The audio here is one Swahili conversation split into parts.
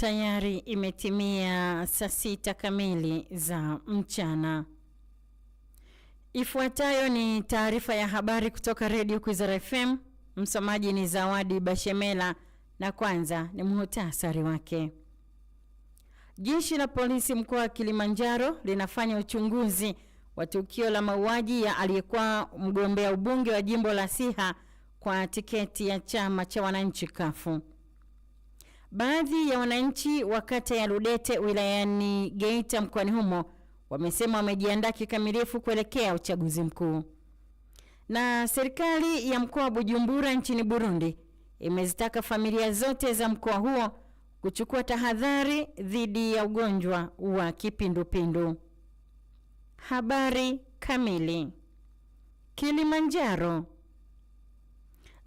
Tayari imetimia saa sita kamili za mchana. Ifuatayo ni taarifa ya habari kutoka Redio Kwizera FM. Msomaji ni Zawadi Bashemela na kwanza ni muhtasari wake. Jeshi la polisi mkoa wa Kilimanjaro linafanya uchunguzi wa tukio la mauaji ya aliyekuwa mgombea ubunge wa jimbo la Siha kwa tiketi ya chama cha wananchi kafu Baadhi ya wananchi wa kata ya Ludete wilayani Geita mkoani humo wamesema wamejiandaa kikamilifu kuelekea uchaguzi mkuu. Na serikali ya mkoa wa Bujumbura nchini Burundi imezitaka familia zote za mkoa huo kuchukua tahadhari dhidi ya ugonjwa wa kipindupindu. Habari kamili. Kilimanjaro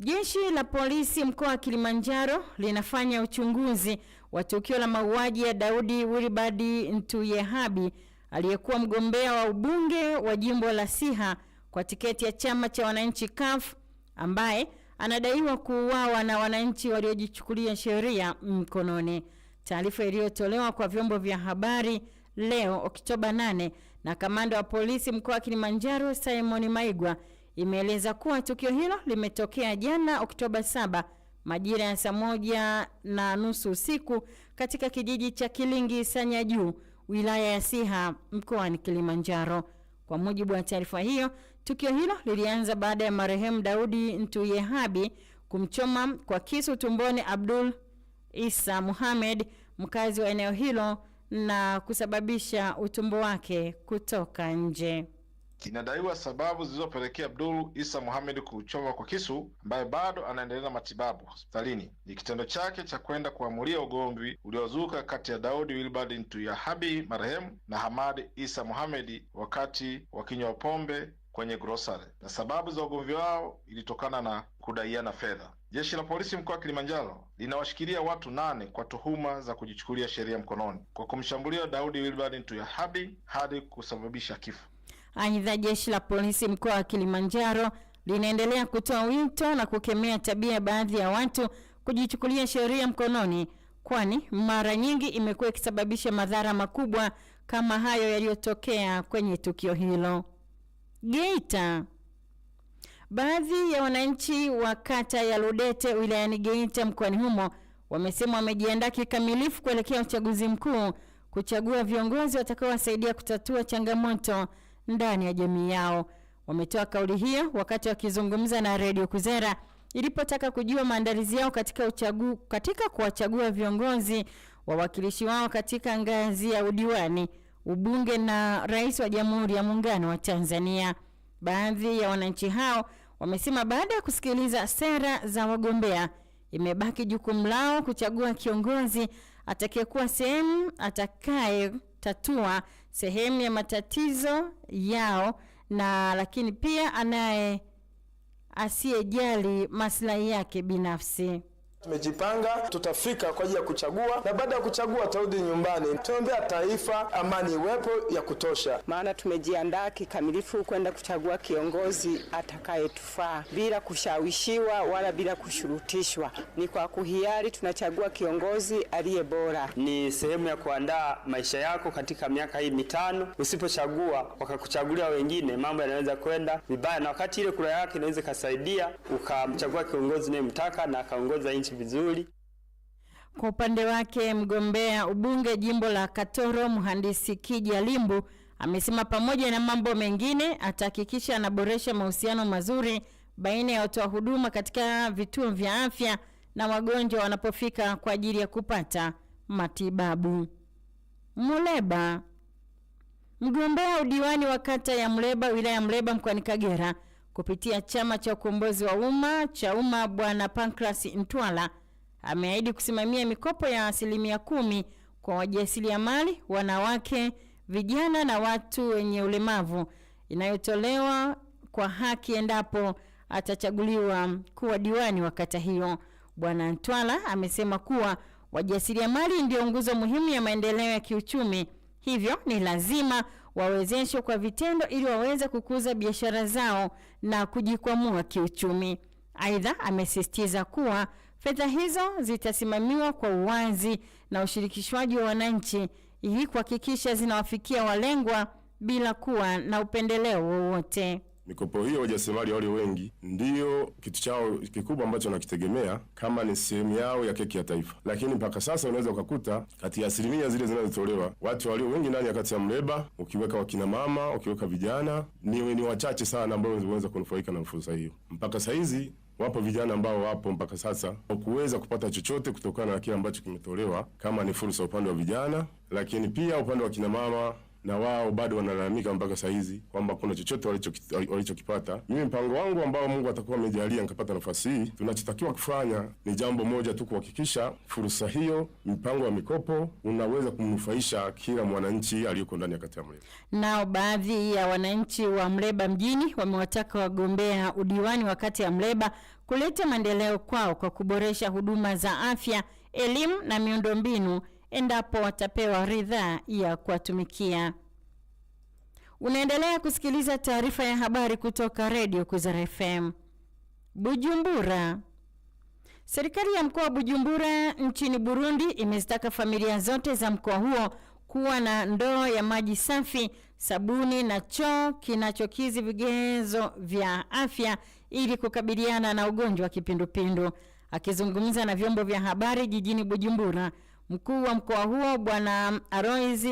Jeshi la polisi mkoa wa Kilimanjaro linafanya uchunguzi wa tukio la mauaji ya Daudi Wilbard Ntuyehabi aliyekuwa mgombea wa ubunge wa jimbo la Siha kwa tiketi ya chama cha wananchi CUF ambaye anadaiwa kuuawa na wananchi waliojichukulia sheria mkononi. Taarifa iliyotolewa kwa vyombo vya habari leo Oktoba 8 na kamanda wa polisi mkoa wa Kilimanjaro Simon Maigwa imeeleza kuwa tukio hilo limetokea jana Oktoba 7 majira ya saa moja na nusu usiku katika kijiji cha Kilingi Sanya Juu, wilaya ya Siha mkoani Kilimanjaro. Kwa mujibu wa taarifa hiyo, tukio hilo lilianza baada ya marehemu Daudi Ntuyehabi kumchoma kwa kisu tumboni Abdul Isa Muhamed, mkazi wa eneo hilo na kusababisha utumbo wake kutoka nje. Inadaiwa sababu zilizopelekea Abdul Isa Muhamed kuchomwa kwa kisu, ambaye bado anaendelea na matibabu hospitalini, ni kitendo chake cha kwenda kuamulia ugomvi uliozuka kati ya Daudi Wilbard Ntuyahabi marehemu na Hamadi Isa Muhamed wakati wakinywa pombe kwenye grosare na sababu za ugomvi wao ilitokana na kudaiana fedha. Jeshi la polisi mkoa wa Kilimanjaro linawashikilia watu nane kwa tuhuma za kujichukulia sheria mkononi kwa kumshambulia Daudi Wilbard Ntuyahabi hadi kusababisha kifo. Aidha, jeshi la polisi mkoa wa Kilimanjaro linaendelea kutoa wito na kukemea tabia baadhi ya watu kujichukulia sheria mkononi, kwani mara nyingi imekuwa ikisababisha madhara makubwa kama hayo yaliyotokea kwenye tukio hilo Geita. Baadhi ya wananchi wa kata ya Ludete wilayani Geita mkoani humo wamesema wamejiandaa kikamilifu kuelekea uchaguzi mkuu kuchagua viongozi watakaowasaidia kutatua changamoto ndani ya jamii yao. Wametoa kauli hiyo wakati wakizungumza na redio Kwizera ilipotaka kujua maandalizi yao katika uchagu, katika kuwachagua viongozi wawakilishi wao katika ngazi ya udiwani, ubunge na rais wa Jamhuri ya Muungano wa Tanzania. Baadhi ya wananchi hao wamesema baada ya kusikiliza sera za wagombea, imebaki jukumu lao kuchagua kiongozi atakayekuwa sehemu atakaye tatua sehemu ya matatizo yao, na lakini pia anaye asiyejali maslahi yake binafsi. Tumejipanga, tutafika kwa ajili ya kuchagua, na baada ya kuchagua tarudi nyumbani. Tuombea taifa amani iwepo ya kutosha, maana tumejiandaa kikamilifu kwenda kuchagua kiongozi atakayetufaa bila kushawishiwa wala bila kushurutishwa. Ni kwa kuhiari tunachagua kiongozi aliye bora. Ni sehemu ya kuandaa maisha yako katika miaka hii mitano. Usipochagua wakakuchagulia wengine, mambo yanaweza kwenda vibaya, na wakati ile kura yake inaweza ikasaidia ukamchagua kiongozi unayemtaka na akaongoza nchi kuishi vizuri. Kwa upande wake mgombea ubunge jimbo la Katoro mhandisi Kija Limbu amesema pamoja na mambo mengine atahakikisha anaboresha mahusiano mazuri baina ya watoa huduma katika vituo vya afya na wagonjwa wanapofika kwa ajili ya kupata matibabu. Muleba. Mgombea udiwani wa kata ya Mleba wilaya ya Mleba mkoani Kagera kupitia chama cha ukombozi wa umma cha umma Bwana Pancras ntwala ameahidi kusimamia mikopo ya asilimia kumi kwa wajasiriamali, wanawake, vijana na watu wenye ulemavu inayotolewa kwa haki endapo atachaguliwa kuwa diwani wa kata hiyo. Bwana Ntwala amesema kuwa wajasiriamali ndio nguzo muhimu ya maendeleo ya kiuchumi, hivyo ni lazima wawezeshwe kwa vitendo ili waweze kukuza biashara zao na kujikwamua kiuchumi. Aidha, amesisitiza kuwa fedha hizo zitasimamiwa kwa uwazi na ushirikishwaji wa wananchi ili kuhakikisha zinawafikia walengwa bila kuwa na upendeleo wowote. Mikopo hiyo wajasemali walio wengi ndiyo kitu chao kikubwa ambacho wanakitegemea kama ni sehemu yao ya keki ya taifa, lakini mpaka sasa unaweza ukakuta kati ya asilimia zile zinazotolewa watu walio wengi ndani ya kati ya mleba, ukiweka wakina mama, ukiweka vijana, ni ni wachache sana ambao wanaweza kunufaika na fursa hiyo. Mpaka sahizi wapo vijana ambao wapo mpaka sasa kuweza kupata chochote kutokana na kile ambacho kimetolewa kama ni fursa upande wa vijana, lakini pia upande wa kina mama na wao bado wanalalamika mpaka saa hizi kwamba kuna chochote walichokipata. Mimi mpango wangu ambao Mungu atakuwa amejalia nikapata nafasi hii, tunachotakiwa kufanya ni jambo moja tu, kuhakikisha fursa hiyo, mpango wa mikopo unaweza kumnufaisha kila mwananchi aliyoko ndani ya kata ya Mleba. Nao baadhi ya wananchi wa Mleba mjini wamewataka wagombea udiwani wa kata ya Mleba kuleta maendeleo kwao kwa kuboresha huduma za afya, elimu na miundombinu endapo watapewa ridhaa ya kuwatumikia. Unaendelea kusikiliza taarifa ya habari kutoka Redio Kwizera FM. Bujumbura. Serikali ya mkoa wa Bujumbura nchini Burundi imezitaka familia zote za mkoa huo kuwa na ndoo ya maji safi, sabuni na choo kinachokizi vigezo vya afya ili kukabiliana na ugonjwa wa kipindupindu. Akizungumza na vyombo vya habari jijini Bujumbura, Mkuu wa mkoa huo Bwana Alois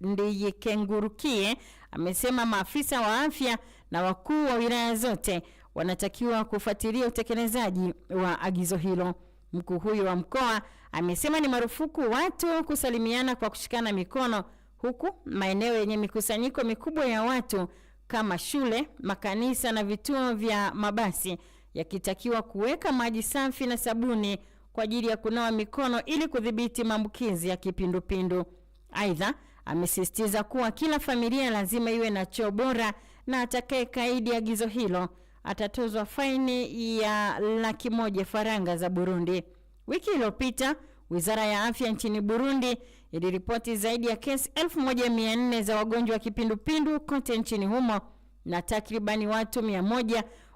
Ndiyikengurukie amesema maafisa wa afya na wakuu wa wilaya zote wanatakiwa kufuatilia utekelezaji wa agizo hilo. Mkuu huyo wa mkoa amesema ni marufuku watu kusalimiana kwa kushikana mikono, huku maeneo yenye mikusanyiko mikubwa ya watu kama shule, makanisa na vituo vya mabasi yakitakiwa kuweka maji safi na sabuni kwa ajili ya kunawa mikono ili kudhibiti maambukizi ya kipindupindu. Aidha, amesisitiza kuwa kila familia lazima iwe na choo bora na atakaye kaidi agizo hilo atatozwa faini ya laki moja faranga za Burundi. Wiki iliyopita wizara ya afya nchini Burundi iliripoti zaidi ya kesi 1400 za wagonjwa wa kipindupindu kote nchini humo na takribani watu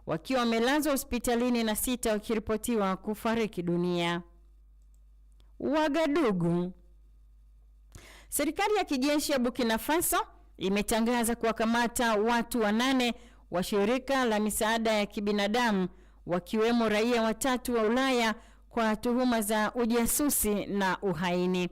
wakiwa wamelazwa hospitalini na sita wakiripotiwa kufariki dunia. Wagadugu. Serikali ya kijeshi ya Burkina Faso imetangaza kuwakamata watu wanane wa shirika la misaada ya kibinadamu wakiwemo raia watatu wa Ulaya kwa tuhuma za ujasusi na uhaini.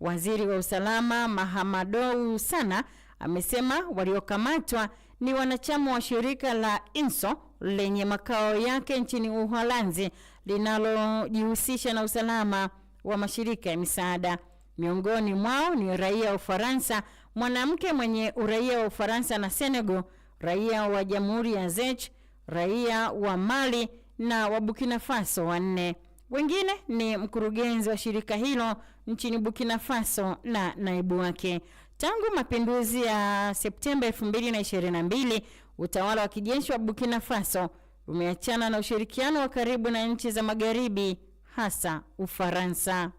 Waziri wa usalama Mahamadou Sana amesema waliokamatwa ni wanachama wa shirika la INSO lenye makao yake nchini Uholanzi linalojihusisha na usalama wa mashirika ya misaada. Miongoni mwao ni raia wa Ufaransa, mwanamke mwenye uraia wa Ufaransa na Senegal, raia wa Jamhuri ya Czech, raia wa Mali na wa Burkina Faso wanne. Wengine ni mkurugenzi wa shirika hilo nchini Burkina Faso na naibu wake. Tangu mapinduzi ya Septemba 2022, utawala wa kijeshi wa Burkina Faso umeachana na ushirikiano wa karibu na nchi za magharibi hasa Ufaransa.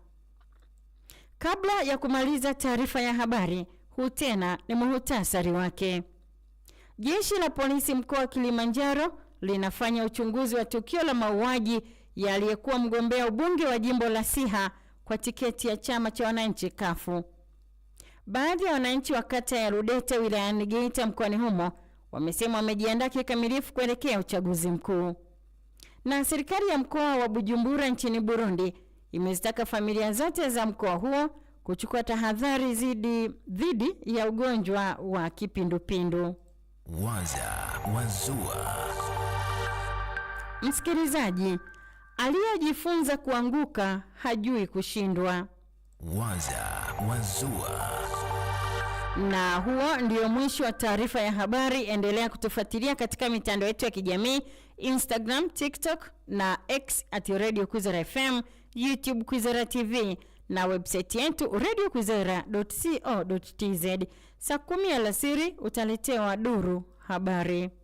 Kabla ya kumaliza taarifa ya habari, huu tena ni muhutasari wake. Jeshi la polisi mkoa wa Kilimanjaro linafanya uchunguzi wa tukio la mauaji ya aliyekuwa mgombea ubunge wa jimbo la Siha kwa tiketi ya chama cha wananchi kafu Baadhi ya wananchi wa kata ya Rudete wilayani Geita mkoani humo wamesema wamejiandaa kikamilifu kuelekea uchaguzi mkuu. Na serikali ya mkoa wa Bujumbura nchini Burundi imezitaka familia zote za mkoa huo kuchukua tahadhari dhidi ya ugonjwa wa kipindupindu. Waza Wazua. Msikilizaji, aliyejifunza kuanguka hajui kushindwa. Waza Wazua. Na huo ndio mwisho wa taarifa ya habari. Endelea kutufuatilia katika mitandao yetu ya kijamii Instagram, TikTok na X at Radio Kwizera FM, YouTube Kwizera TV na website yetu radiokwizera.co.tz. Saa kumi alasiri utaletewa duru habari.